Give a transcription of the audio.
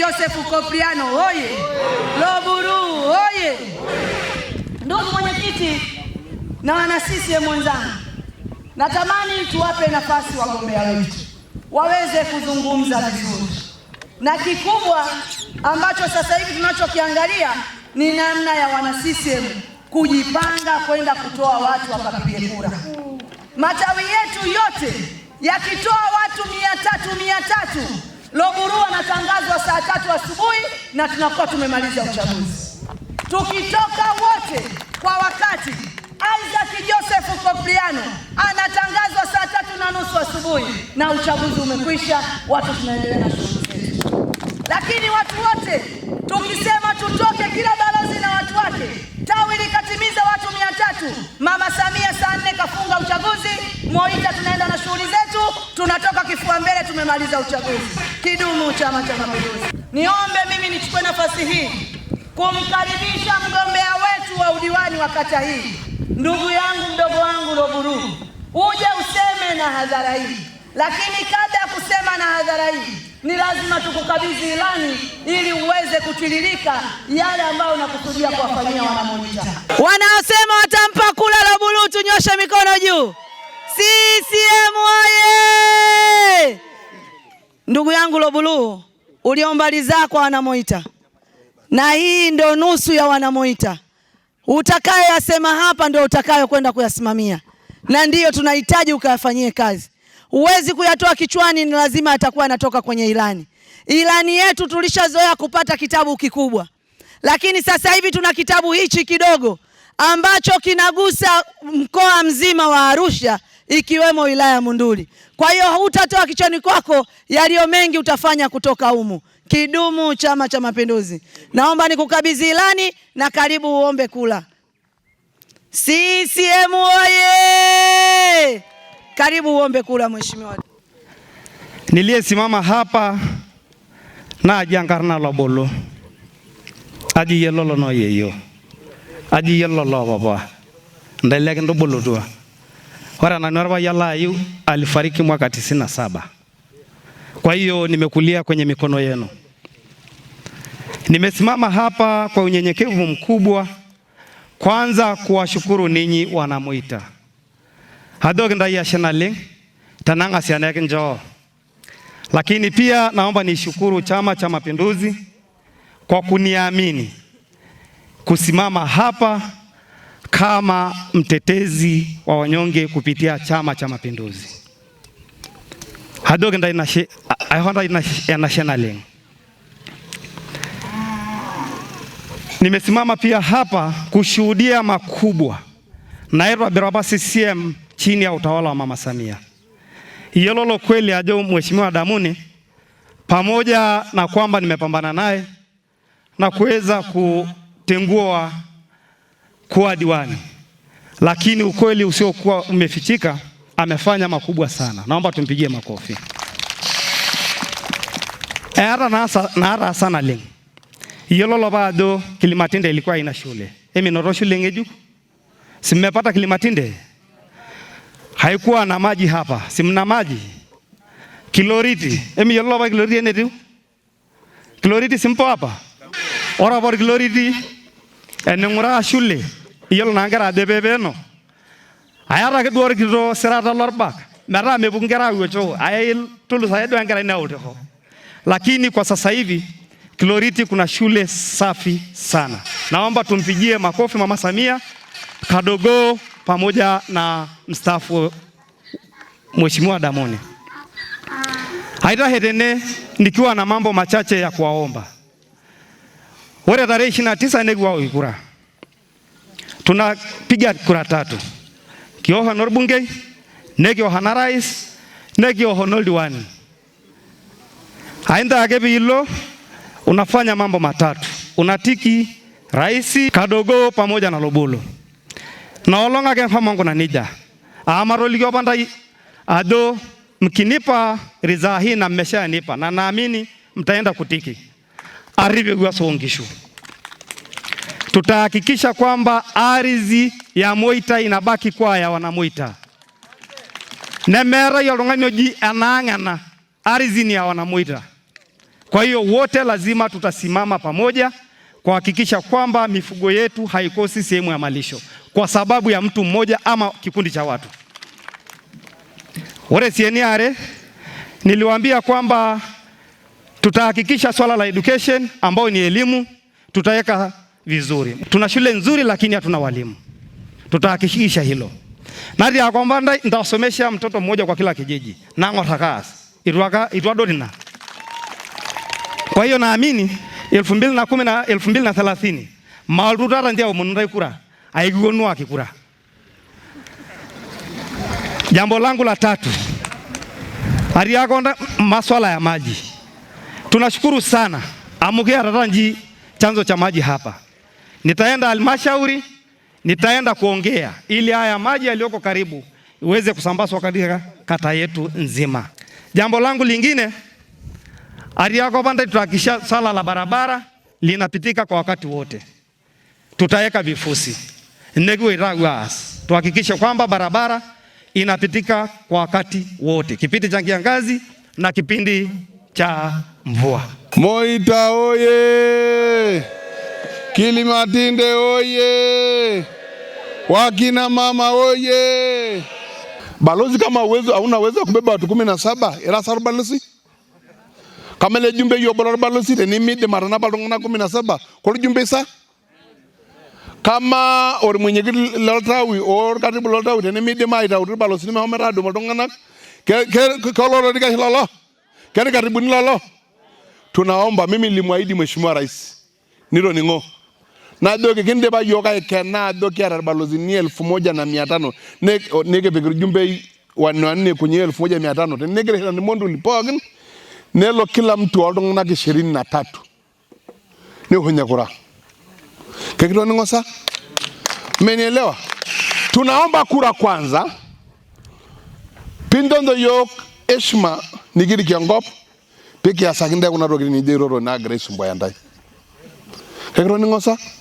Joseph Kopriano oye! Loburu oye! Ndugu mwenyekiti na wana CCM wenzangu, natamani tuwape nafasi wagombea wetu waweze kuzungumza vizuri, na kikubwa ambacho sasa hivi tunachokiangalia ni namna ya wana CCM kujipanga kwenda kutoa watu wakapige kura. Matawi yetu yote yakitoa watu mia tatu mia tatu Loburu anatangazwa saa tatu asubuhi na tunakuwa tumemaliza uchaguzi. Tukitoka wote kwa wakati, Isaac Joseph Kopriano anatangazwa saa tatu na nusu asubuhi na uchaguzi umekwisha, watu tunaendelea na shughuli zetu. Lakini watu wote tukisema tutoke, kila balozi na watu wake, tawi likatimiza watu mia tatu, Mama Samia saa nne kafunga uchaguzi, Moita tunaenda na shughuli zetu tunatoka tumemaliza uchaguzi. Kidumu Chama cha Mapinduzi! Niombe mimi nichukue nafasi hii kumkaribisha mgombea wetu wa udiwani wa kata hii, ndugu yangu mdogo wangu Loburu, uje useme na hadhara hii, lakini kabla ya kusema na hadhara hii ni lazima tukukabidhi ilani ili uweze kutiririka yale ambayo unakusudia kuwafanyia Wanamonita. Wanaosema watampa kula Roburu, tunyoshe mikono juu. CCM oye! Ndugu yangu Lobuluu, uliombali zako wanamoita, na hii ndio nusu ya wanamoita. Utakayoyasema hapa ndio utakayokwenda kuyasimamia, na ndiyo tunahitaji ukayafanyie kazi. Huwezi kuyatoa kichwani, ni lazima atakuwa anatoka kwenye ilani. Ilani yetu tulishazoea kupata kitabu kikubwa, lakini sasa hivi tuna kitabu hichi kidogo ambacho kinagusa mkoa mzima wa Arusha ikiwemo wilaya ya Munduli. Kwa hiyo hutatoa kichwani kwako, yaliyo mengi utafanya kutoka humu. Kidumu Chama cha Mapinduzi! Naomba nikukabidhi ilani na karibu uombe kula. CCM oye! Karibu uombe kula, mheshimiwa. Niliyesimama hapa najangarna lobolo aji noyeyo no yeyo aji yelolo baba Ora na narwa Yala yu alifariki mwaka 97. Kwa hiyo nimekulia kwenye mikono yenu. Nimesimama hapa kwa unyenyekevu mkubwa, kwanza kuwashukuru ninyi wanamuita hadhogndaiashenali tanang'asianeki njoo, lakini pia naomba nishukuru Chama cha Mapinduzi kwa kuniamini kusimama hapa kama mtetezi wa wanyonge kupitia Chama cha Mapinduzi hadogenda ihonda Nimesimama pia hapa kushuhudia makubwa nairwa biraba CCM chini ya utawala wa Mama Samia iyololo kweli ajo mheshimiwa Damuni, pamoja na kwamba nimepambana naye na kuweza kutengua kuwa diwani, lakini ukweli usiokuwa umefichika, amefanya makubwa sana. Naomba tumpigie makofi. era eh, nara sana leng iyololo bado Kilimatinde ilikuwa ina shule iminoto shule ng'ejuk simmepata Kilimatinde haikuwa na maji hapa, simna maji kiloriti emi emiyololo ba kiloriti enetiu kiloriti simpo hapa ora orapor kiloriti ening'uraa eh, shule Iyiolo naa nkera ajo epepeeno. Ayata ake duo orkito sirata lorbak metaa mepuku nkera awuocho ayai tulusaya duo enkerai neotisho. Lakini kwa sasa hivi Kiloriti kuna shule safi sana. Naomba tumpigie makofi Mama Samia Kadogo pamoja na mstaafu Mheshimiwa Damoni. Aidha tene nikiwa na mambo machache ya kuwaomba. Ore tarehe 29 nikiwa Uikura tunapiga kura tatu kioho norbunge nekioho na rais nekioho noldiwani. Aenda ake pilo unafanya mambo matatu, unatiki raisi kadogo pamoja na lobulo na olonga ke famongo na nija amarolikio pandai ado mkinipa ridhaa hii na mmeshanipa na naamini mtaenda kutiki arive gwa songishu tutahakikisha kwamba ardhi ya Moita inabaki kwa ya wanamoita ya rongani oji anaangana ardhi ni ya wanamoita. Kwa hiyo wote lazima tutasimama pamoja kuhakikisha kwamba mifugo yetu haikosi sehemu ya malisho kwa sababu ya mtu mmoja ama kikundi cha watu. Ore sieniare niliwaambia kwamba tutahakikisha swala la education ambayo ni elimu tutaweka vizuri. Tuna shule nzuri, lakini hatuna walimu. Tutahakikisha hilo nati ya kwamba nitawasomesha mtoto mmoja kwa kila kijiji nang'otakasi itwadorina. Kwa hiyo naamini elfu mbili na kumi na elfu mbili na thelathini maalutara ndia Jambo langu la tatu ariakonda maswala ya maji. Tunashukuru sana amukia nji chanzo cha maji hapa Nitaenda halmashauri, nitaenda kuongea ili haya maji yaliyoko karibu iweze kusambazwa katika kata yetu nzima. Jambo langu lingine, Ariako Banda sala la barabara linapitika kwa wakati wote. Tutaweka vifusi neguiragas, tuhakikishe kwamba barabara inapitika kwa wakati wote, kipindi cha kiangazi na kipindi cha mvua. Moita oye! Kilimatinde oye! Wakina mama oye! Balozi, kama uwezo hauna uwezo kubeba watu kumi na saba irasar balozi kama ile jumbe yobolor balozi tenimidim atanapa iltung'anak kumi na saba jumbe sa kama katibu ormwenyekiti loltawi orkatibu loltawi tenimidim aitautu irbalosini mehomoita adumu iltung'anak kolororikash lolo kerikatibuni lolo tunaomba mimi nilimwahidi mheshimiwa rais nitoning'o najoki kindipa yiok aikena ajo kiata irbalozini elfu moja na mia tano nikipik irjumbei wanne kunye elfu moja mia tano tenigira aishirani monduli pookin nelo kila mtu oltung'anak ishirini na tatu nikunye kura kekitoning'o sa menielewa tunaomba kura kwanza pintondo yiok heshima nikirikie enkop pikiasaki ntae kuna tokitin nijo iroro naagira aisumbuaya ntae kekitoning'o sa